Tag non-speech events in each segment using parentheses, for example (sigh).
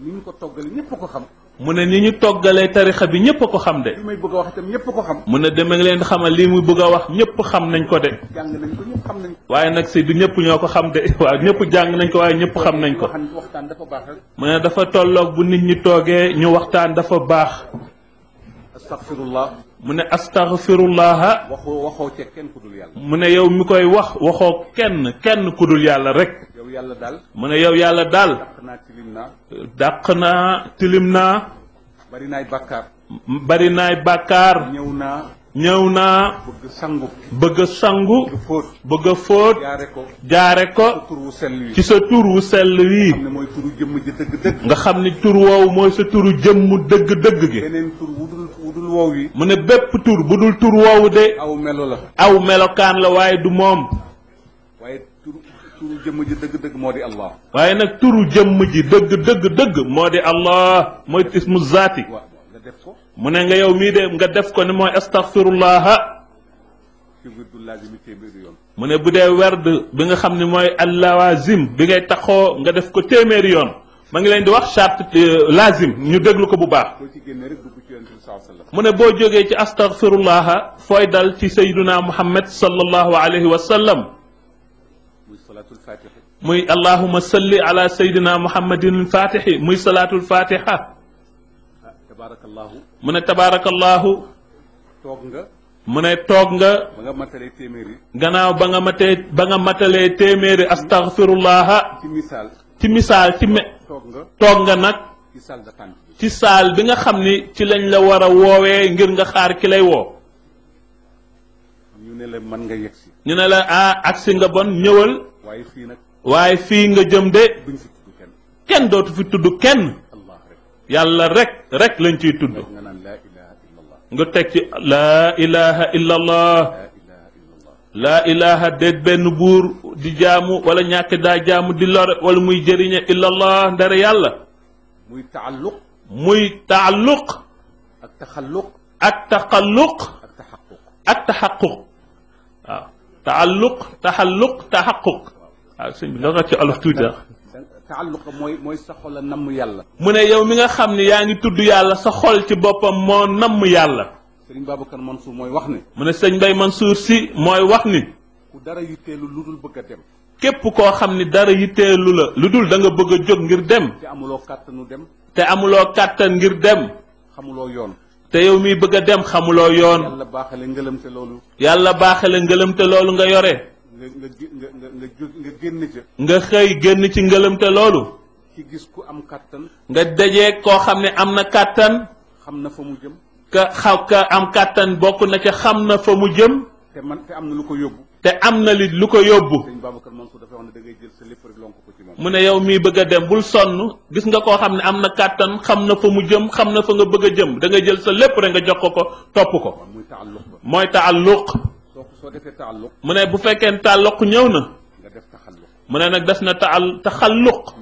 ni ko toggalee ñëpp ko xam. mu ne ni ñu toggalee tarixa bi ñëpp ko xam de. li bëgg wax itam ñëpp ko xam. mu ne dama leen xamal li muy bëgg a wax ñëpp xam nañ ko de. jàng nañ nañ waaye nag si du ñëpp ñoo ko xam de (laughs) waaw ñëpp jàng nañ ko waaye ñëpp xam nañ ko. waxtaan dafa baax rek. mu ne dafa tollook bu nit ñu toogee ñu waxtaan dafa baax. astaghfirullah. mu ne astaghfirullah. waxoo waxoo ca kenn ku dul yàlla. mu ne yow mi koy wax waxoo kenn kenn ku dul yàlla rek. yow yàlla daal. mu ne yow yàlla daal. dàq naa tilim naa. dàq bari naay bàkkaar. bari naay bàkkaar. ñëw na ñëw na bëgg sangu. bëgg sangu. bëgg fóot. bëgg fóot. jaare ko. ci sa tur wu sell wi. nga xam ne jëmm ji xam ne tur woowu mooy sa turu jëmm dëgg dëgg gi. tur wu dul wu dul woowu mu ne bépp tur bu dul tur woowu de. aw melo la. aw melokaan la waaye du moom. jëmm ji dëgg dëgg moo di allah waaye nag turu jëmm ji dëgg dëgg dëgg moo di allah mooy ismu zaati nga def ko mu ne nga yow mii de nga def ko ni mooy astaghfirullah ci wirdu laazimi téeméeri yoon mu ne bu dee werd bi nga xam ne mooy allawazim bi ngay taxoo nga def ko téeméeri yoon ma ngi leen di wax charte lazim ñu déglu ko bu baax mu ne boo jógee ci astaghfirullah fooy dal ci sayduna muhammad sallallahu alayhi wa sallam muy allahuma salli ala sayyidina muhammadin fatixi muy salaatul fatiha ah, mu ne tabaarakallaahu toog nga mu ne toog nga ba nga gannaaw ba nga matee ba nga matalee téeméeri astaghfirullaha ci misaal ci misaal me toog nga nag ci saal bi nga xam ni ci lañ la war a woowee ngir nga xaar ki lay woo ne la man nga yegsi ñu ne la ah si nga bon ñëwal waaye fii nga jëm de duñ fi tudd kenn kenn fi tudd kenn yàlla rek rek lañ ciy tudd nga teg ci la ilaha illa allah la ilaha déet benn buur di jaamu wala ñàkk daa jaamu di lor wala muy jëriñe illa allah Muitaluk, yàlla muy taalluq muy taalluq ak taxalluq ak taxalluq ak taxaquq waaw taalluq taxalluq taxaquq waaw bi nga ràcc alof mooy mooy sa namm yàlla mu ne yow mi nga xam ne yaa ngi tudd yàlla sa xol ci boppam moo namm yàlla sëriñ Babacar Mansour mooy wax ni mu ne sëñ Bay Mansour si mooy wax ni ku dara yitteelu lu dul bëgg dem képp koo xam ni dara yitteelu la lu dul da nga bëgg a jóg ngir dem te amuloo kàttanu dem te amuloo kàttan ngir dem xamuloo yoon te yow miy bëgg a dem xamuloo yoon. yàlla baaxale ngëlam te loolu. yàlla baaxale ngëlam te loolu nga yore. nga nga nga nga génn ca. nga xëy génn ci ngëlam loolu. ci gis ku am kàttan. nga dajee koo xam ne am na kàttan. xam na fa mu jëm. ka xaw ka am kàttan bokk na ca xam na fa mu jëm. man te am na lu ko yóbbu. te amna na li lu ko yóbbu mu ne yow mi bëgg dem bul sonn gis nga ko xamne amna katan xamna fa mu jëm xamna fa nga bëgg jëm da nga jël sa lepp rek nga jox ko ko topp ko moy taalluq mu ne bu fekkene taalluq ñëw na mu ne nag des na taal taxalluq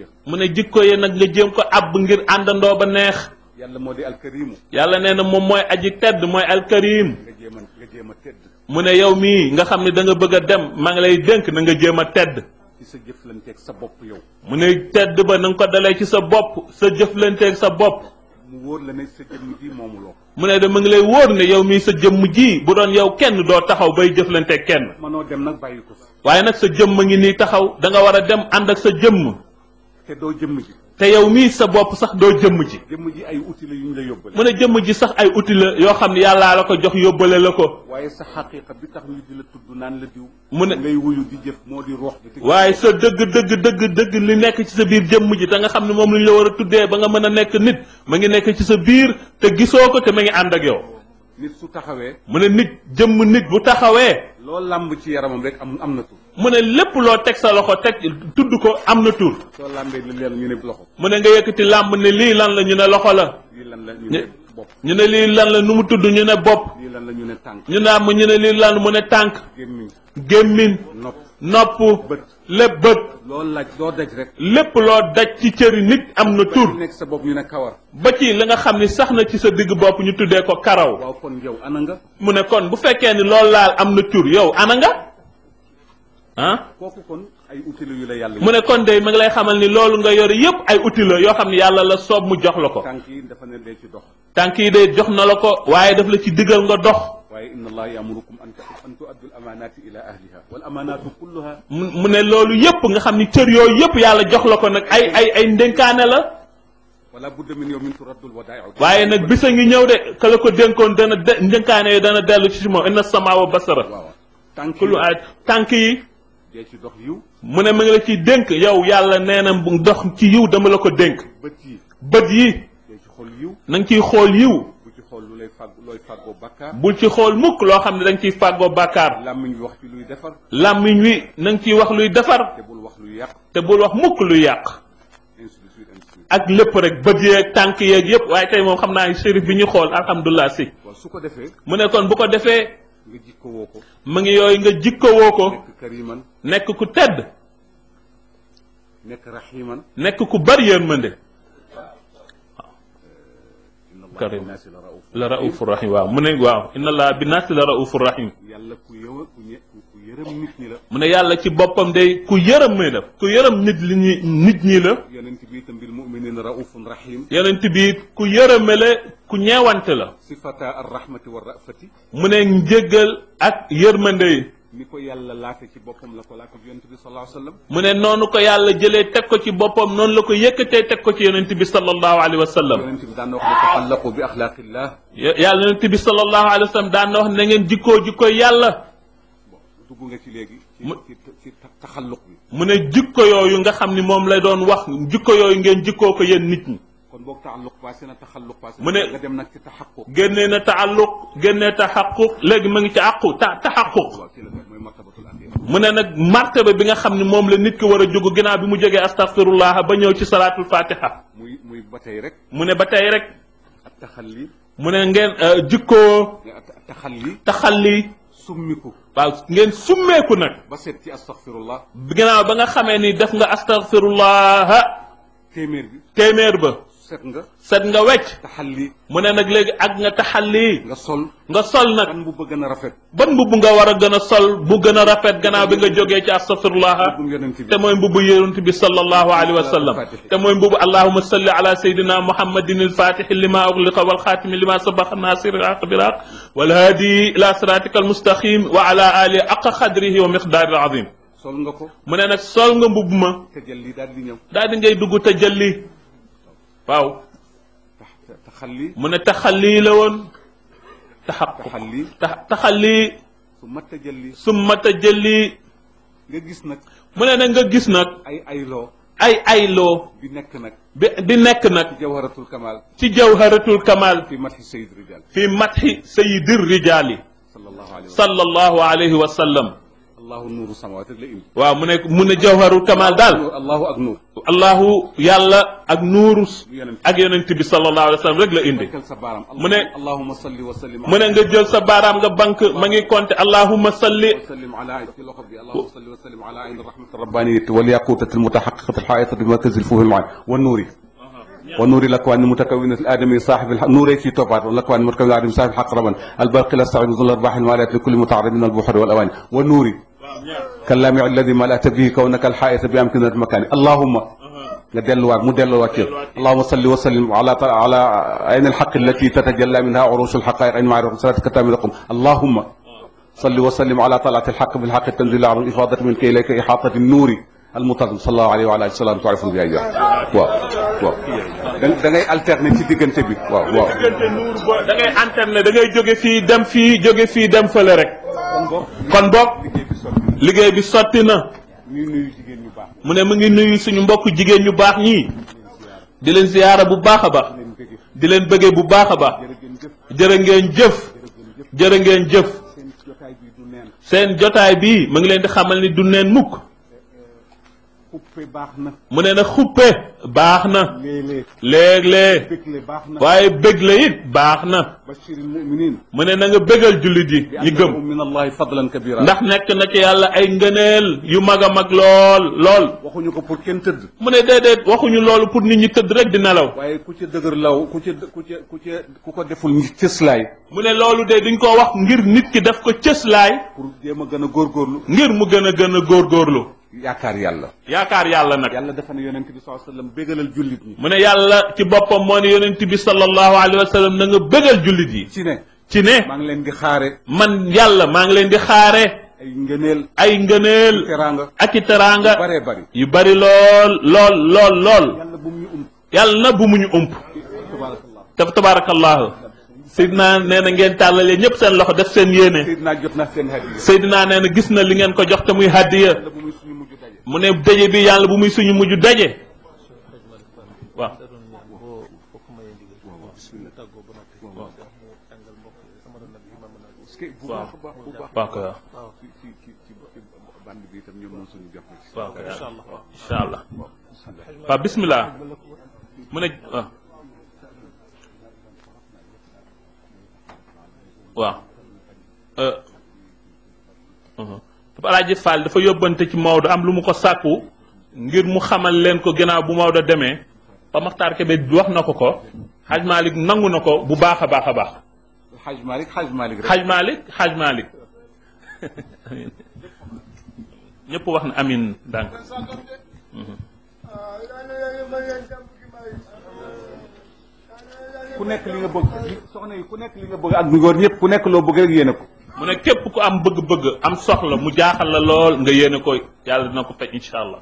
ya. mu ne jikko ye ya nak nga jëm ko ab ngir andando ba neex yalla modi al karim yalla neena mom moy aji tedd mooy alkarim nga jéem tedd mu ne yow mii nga xam ne da nga bëgg a dem maa ngi lay dénk na nga jéem a tedd. ci sa jëflanteeg sa bopp yow. mu ne tedd ba na ko dalee ci sa bopp sa jëflanteeg sa bopp. mu wóor la ne sa jëmm moomuloo. mu ne de mu ngi lay wóor ne yow mii sa jëmm ji bu doon yow kenn doo taxaw bay jëflanteeg kenn. mënoo dem nag bàyyi ko. waaye nag sa jëmm ngi nii taxaw da nga war a dem ànd ak sa jëmm. te doo jëmm ji. te yow mii sa bopp sax doo jëmm ji. jëmm ji ay outil la la yóbbale. mu ne jëmm ji sax ay outil la yoo xam ne yàllaa la ko jox yóbbale la ko. waaye sa xaqiqa bi tax ñu di la tudd naan la diw. mu ne ngay wuyu di moo di roox waaye sa dëgg dëgg dëgg dëgg li nekk ci sa biir jëmm ji te nga xam ne moom la ñu la war a tuddee ba nga mën a nekk nit ma ngi nekk ci sa biir te gisoo ko te ma ngi ànd ak yow. su taxawee. mu ne nit jëmm nit bu taxawee. loo làmb ci yaramam rek am am na tur. mu ne lépp loo teg sa loxo teg tudd ko am na tur. soo làmbee li leen ñu ne loxo. mu ne nga yëkkati làmb ne lii lan la ñu ne loxo la. lii lan la ñu ñu ne lii lan la nu mu tudd ñu ne bopp. lan la ñu ne tànk. ñu naan mu ñu ne lii lan mu ne tànk. gémmiñ gémmiñ. nopp nopp bët lépp bët. loo laaj loo daj lépp loo daj ci cëri nit am na tur. nekk sa bopp ñu ne kawar. ba ci la nga xam ni sax na ci sa diggu bopp ñu tuddee ko karaw. waaw kon yow ana mu ne kon bu fekkee ni loo laal am na tur yow ana nga. ah kooku kon ay outil yu mu ne kon de ma ngi lay xamal ni loolu nga yore yëpp ay outil yoo xam ne yàlla la soob mu jox la ko. tànk yi dafa ne dee ci dox. tànk yi de jox na la ko. waaye def la ci digal nga dox. waaye inna allaha yamurukum an tu'addu al amanati ila ahliha wal amanatu kulluha mu ne loolu yëpp nga xam ni cër yooyu yëpp yàlla jox la ko nag ay ay ay ndénkaane la. wala budda min yawmin turaddul wadaa'u waaye nag bis a ngi ñëw de ka la ko dénkoon dana de ndénkaane dana dellu ci moom inna samaa wa basara. waaw yi dee ci mu ne ma ngi la ciy dénk yow yàlla nee na bu dox ci yiw dama la ko dénk. bët yi bët yi. ci xool yiw na ciy xool yiw. bul ci xool lu lay fag looy fàggoo bàkkaar. bul ci xool mukk loo xam ne da nga ciy fàggoo bàkkaar. làmmiñ wi wax ci luy defar. làmmiñ wi na nga wax luy defar. te bul wax luy yàq. te bul wax mukk luy yàq. ak lépp rek bët yeeg tànk yeeg yëpp waaye tey moom xam naa shérif bi ñu xool alhamdulilah si. su ko defee mu ne kon bu ko defee. nga jikkowoo ko mu ngi yooyu nga jikkowoo ko nekk kariman nekk ku tedd nekk rahiman nekk ku bari yërmande karim la raufu rahim waaw mu ne waaw inna allah bi naasi la raufu rahim yàlla ku yow ku yërëm nit ñi la mu ne yàlla ci boppam day ku yërëm mi la ku yërëm nit li ñi nit ñi la yonent bi itam bil muminin raufun rahim yonent bi ku yërëme la ku ñeewante la. sifata ar rahmati war rafati. mu ne njëggal ak yërmande yi. ni ko yàlla laate ci boppam la ko laate yonent bi sallallahu alayhi wa mu ne noonu ko yàlla jëlee teg ko ci boppam noonu la ko yëkkatee teg ko ci yonent bi sallallahu alayhi wa sallam. yonent bi na wax ne taxallaqu bi yàlla yonent bi sallallahu alayhi wa sallam daan na na ngeen jikkoo jikko yàlla. nga ci léegi. mu mu ne jikko yooyu nga xam ni moom la doon wax jikko yooyu ngeen jikkoo ko yéen nit ñi. mu ne génnee na taalluq génnee taxaquq léegi ma ngi ci àqu ta taxaquq mu ne nag martaba bi nga xam ne moom la nit ki war a jóg ginnaaw bi mu jógee astafirullah ba ñëw ci salaatul fatiha muy muy ba tey rek mu ne ba tey rek mu ne ngeen jikkoo taxalli taxalli summiku waaw ngeen summeeku nag ba seet ci astafirullah ginnaaw ba nga xamee ni def nga astafirullah téeméer bi téeméer ba set nga set nga wecc taxalli mu ne nag ak nga taxalli nga sol nga sol nag ban mbubb gën a rafet ban mbubb nga war a sol bu gën rafet gannaaw bi nga jógee ci astafirullah te mooy mbubbu yonent bi sallallahu alayhi wa sallam te mooy mbubbu allahuma salli ala sayidina muhammadin alfatixi lima ugliqa walxaatimi lima sabaxa nasir alaq biraq walhaadi ila siratika almustaqim wa ala ali aqa xadrihi wa miqdaari alazim sol nga ko mu ne sol nga mbubb ma daal di ngay dugg tajalli waaw. taxalli mu ne taxalli la woon. taxaqu taxalli taxalli. su mat a jëli su mat a jëli. nga gis nag. mu ne nag nga gis nag. ay ay loo. ay ay loo. di nekk nag. bi di nekk nag. ci jawharatul kamal. ci jawharatul kamal. fi matxi sayid rijaal. fi matxi sayidi rijaali. sallallahu alayhi wa sallam. الله نور السماوات الليل ومن من جوهر الكمال دال الله أجنور الله يلا أجنور أجن الله وسلم الله الله مصلي على عين الرحمة الربانية وليقوتة المتحققة الحائطة بمركز الفوه المعين والنوري ونوري الاكوان المتكونة الادمي صاحب الحق في توبار الاكوان المتكونة الادمي صاحب الحق ربان البرق لا استعيد ظل الارباح الماليه لكل متعرض من البحر والاواني ونوري كلامي الذي ملأت به كونك الحائث بأمكنة مكاني اللهم لدلوا مدلوا كير اللهم صل وسلم على على عين الحق التي تتجلى منها عروش الحقائق عين معرفة صلاة كتاب لكم اللهم صل وسلم على طلعة الحق بالحق التنزيل على الإفاضة منك إليك إحاطة النور المتظم صلى الله عليه وعلى السلام تعرف بها إياه واو واو دعني alternate في دكان تبي واو واو دعني alternate دعني جوجي في دم في جوجي في دم فلرك كنبو كنبو liggéey bi sotti na. mu ne mu ngi nuyu suñu mbokk jigéen ñu baax ñii. di leen ziyaara bu baax a baax. di leen bëggee bu baax a baax. jërë ngeen jëf. jërë ngeen jëf. seen jotaay bii mu ngi leen di xamal ni du neen mukk mu ne na xuppe baax na léeg lee waaye bégle it baax na mu ne na nga bégal jullit yi ñi gëm ndax nekk na ci yàlla ay ngëneel yu mag a mag lool lool waxuñu ko pour kenn tëdd mu ne déedéet waxuñu loolu pour nit ñi tëdd rek di nelaw waaye ku ca dëgër law ku ku ku ku ko deful ngir cëslaay mu ne loolu de duñ ko wax ngir nit ki def ko cëslaay pour jéem a gën a góorgóorlu ngir mu gën a gën a góor góorlu yaakaar yàlla yaakaar yàlla nag. yàlla dafa ne yonent bi sallallahu alayhi wa sallam bégalal jullit ñi. mu ne yàlla ci boppam moo ne yonent bi sallallahu alayhi wa sallam na nga bégal jullit yi. ci ne maa ngi leen di xaare. man yàlla maa ngi leen di xaare. ay ngëneel ay ngëneel. ak i teraanga yu bëree yu bëri lool lool lool lool. yàlla na bu mu ñu ump. yàlla na sidna nee ngeen tàllalee ñëpp seen loxo def seen yéene sidna nee na gis na li ngeen ko jox te muy hadiya mu ne daje bi yàlla bu muy suñu mujj daje waaw waaw waaw waaw bismillah mu waaw euh, uh-huh. papa alaaji Fall dafa yóbbante ci Maodo am lu mu ko sàkku ngir mu xamal leen ko gannaaw bu Maodo demee ba Maxtaar Kebe wax na ko ko xaj Malick nangu na ko bu baax a baax a baax. xaj Malick xaj Malick rek xaj Malick xaj Malick wax na amin ndànk ku nekk li nga bëgg soxna yi ku nekk li nga bëgg ak ngóor ñëpp ku nekk loo bëgg rek yéene ko mu ne képp ku am bëgg-bëgg não soxla mu jaaxal la lool nga yéene ko yàlla dina ko faj incha allah